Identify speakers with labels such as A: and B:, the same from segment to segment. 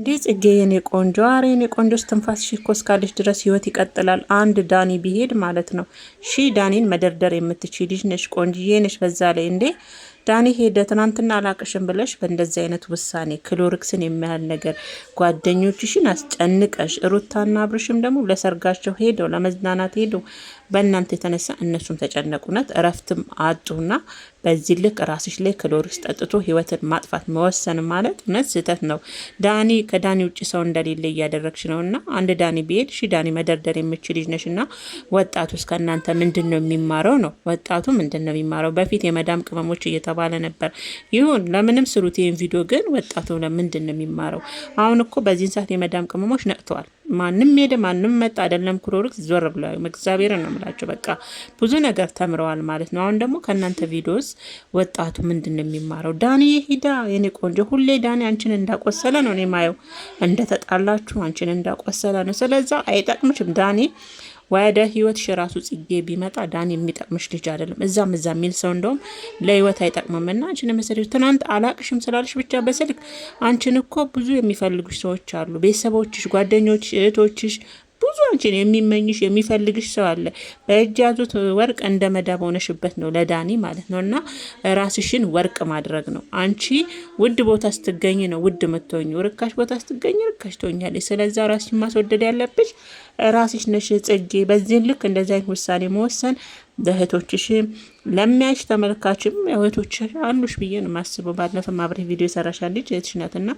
A: እንዴ ጽጌ የኔ ቆንጆ፣ አሬ የኔ ቆንጆ ስትንፋስ ሺ እኮ እስካለሽ ድረስ ህይወት ይቀጥላል። አንድ ዳኒ ቢሄድ ማለት ነው። ሺ ዳኒን መደርደር የምትችይ ልጅ ነሽ፣ ቆንጅዬ ነሽ በዛ ላይ እንዴ ዳኒ ሄደ ትናንትና አላቅሽም ብለሽ በእንደዚህ አይነት ውሳኔ ክሎሪክስን የሚያህል ነገር ጓደኞችሽን አስጨንቀሽ፣ ሩታና አብርሽም ደግሞ ለሰርጋቸው ሄደው ለመዝናናት ሄደው በእናንተ የተነሳ እነሱም ተጨነቁነት እረፍትም አጡና በዚህ ልክ ራስሽ ላይ ክሎሪክስ ጠጥቶ ህይወትን ማጥፋት መወሰን ማለት እውነት ስህተት ነው። ዳኒ ከዳኒ ውጭ ሰው እንደሌለ እያደረግሽ ነው እና አንድ ዳኒ ቢሄድ ሺ ዳኒ መደርደር የምችል ልጅ ነሽ እና ወጣቱ እስከ እናንተ ምንድን ነው የሚማረው ነው ወጣቱ ምንድን ነው የሚማረው በፊት የመዳም ቅመሞች እየተ እየተባለ ነበር። ይሁን ለምንም ስሩት ይህን ቪዲዮ ግን ወጣቱ ለምንድን ነው የሚማረው? አሁን እኮ በዚህን ሰዓት የመዳም ቅመሞች ነቅተዋል። ማንም ሄደ ማንም መጣ አይደለም ክሮሪክ ዞር ብለ እግዚአብሔርን ነው የምላቸው። በቃ ብዙ ነገር ተምረዋል ማለት ነው። አሁን ደግሞ ከእናንተ ቪዲዮስ ወጣቱ ምንድን ነው የሚማረው? ዳኒ ሂዳ የኔ ቆንጆ፣ ሁሌ ዳኒ አንቺን እንዳቆሰለ ነው እኔ ማየው፣ እንደተጣላችሁ አንቺን እንዳቆሰለ ነው። ስለዛ አይጠቅምሽም ዳኒ ወደ ህይወት ሽራሱ ጽጌ ቢመጣ ዳን የሚጠቅምሽ ልጅ አይደለም። እዛም እዛ የሚል ሰው እንደውም ለህይወት አይጠቅምምና አንቺን መሰል ትናንት አላቅሽም ስላልሽ ብቻ በስልክ አንቺን እኮ ብዙ የሚፈልጉሽ ሰዎች አሉ፣ ቤተሰቦችሽ፣ ጓደኞች፣ እህቶችሽ ብዙ አንቺን የሚመኝሽ የሚፈልግሽ ሰው አለ። በእጅ ያዙት ወርቅ እንደ መዳብ ሆነሽበት ነው ለዳኒ ማለት ነው። እና ራስሽን ወርቅ ማድረግ ነው። አንቺ ውድ ቦታ ስትገኝ ነው ውድ የምትሆኙ፣ ርካሽ ቦታ ስትገኝ ርካሽ ትሆኛለች። ስለዛ ራስሽን ማስወደድ ያለብሽ ራስሽ ነሽ ጽጌ። በዚህን ልክ እንደዚህ አይነት ውሳኔ መወሰን ለእህቶችሽ ለሚያይሽ ተመልካችም እህቶችሽ አሉሽ ብዬ ነው የማስበው። ባለፈ ማብሬ ቪዲዮ የሰራሻል ልጅ እህትሽ ናት እና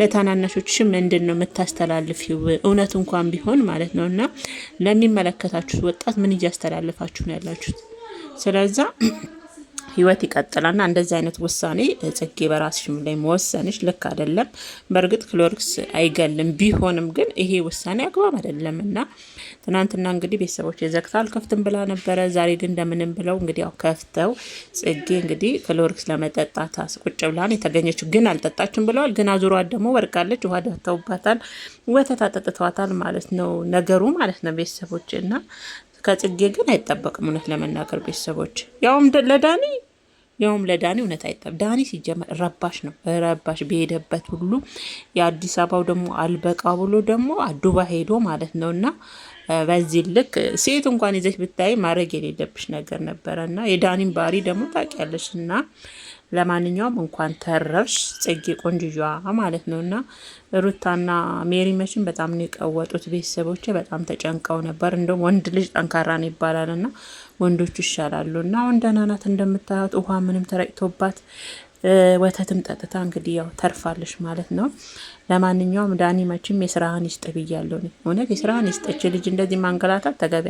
A: ለታናናሾችሽ ምንድን ነው የምታስተላልፊው? እውነት እንኳን ቢሆን ማለት ነው እና ለሚመለከታችሁት ወጣት ምን እያስተላልፋችሁ ነው ያላችሁት? ስለዛ ህይወት ይቀጥላልና እንደዚህ አይነት ውሳኔ ጽጌ በራስሽም ላይ መወሰንሽ ልክ አይደለም። በእርግጥ ክሎሪክስ አይገልም፣ ቢሆንም ግን ይሄ ውሳኔ አግባብ አይደለም እና ትናንትና እንግዲህ ቤተሰቦች የዘግታ አልከፍትም ብላ ነበረ። ዛሬ ግን እንደምንም ብለው እንግዲህ ያው ከፍተው ጽጌ እንግዲህ ክሎሪክስ ለመጠጣት ቁጭ ብላን የተገኘችው ግን አልጠጣችም ብለዋል። ግን አዙሯት ደግሞ ወርቃለች። ውሃ ደተውባታል፣ ወተት አጠጥተዋታል ማለት ነው ነገሩ ማለት ነው ቤተሰቦች እና ከጽጌ ግን አይጠበቅም። እውነት ለመናገር ቤተሰቦች ያውም ለዳኒ ያውም ለዳኒ እውነት አይጠብ ዳኒ ሲጀመር ረባሽ ነው ረባሽ በሄደበት ሁሉ የአዲስ አበባው ደግሞ አልበቃ ብሎ ደግሞ አዱባ ሄዶ ማለት ነው እና በዚህ ልክ ሴት እንኳን ይዘሽ ብታይ ማድረግ የሌለብሽ ነገር ነበረ እና የዳኒን ባህሪ ደግሞ ታውቂያለሽ እና ለማንኛውም እንኳን ተረፍሽ ጽጌ ቆንጅዬዋ ማለት ነው እና ሩታና ሜሪ መሽን በጣም ነው የቀወጡት። ቤተሰቦች በጣም ተጨንቀው ነበር። እንደውም ወንድ ልጅ ጠንካራ ነው ይባላል እና ወንዶቹ ይሻላሉ እና አሁን ደህና ናት እንደምታዩት ውሃ ምንም ተረጭቶባት ወተትም ጠጥታ እንግዲህ ያው ተርፋለች ማለት ነው። ለማንኛውም ዳኒ መችም የስራህን ይስጥ ብያለሁ። እውነት የስራህን ይስጥ። ልጅ እንደዚህ ማንገላታት ተገቢ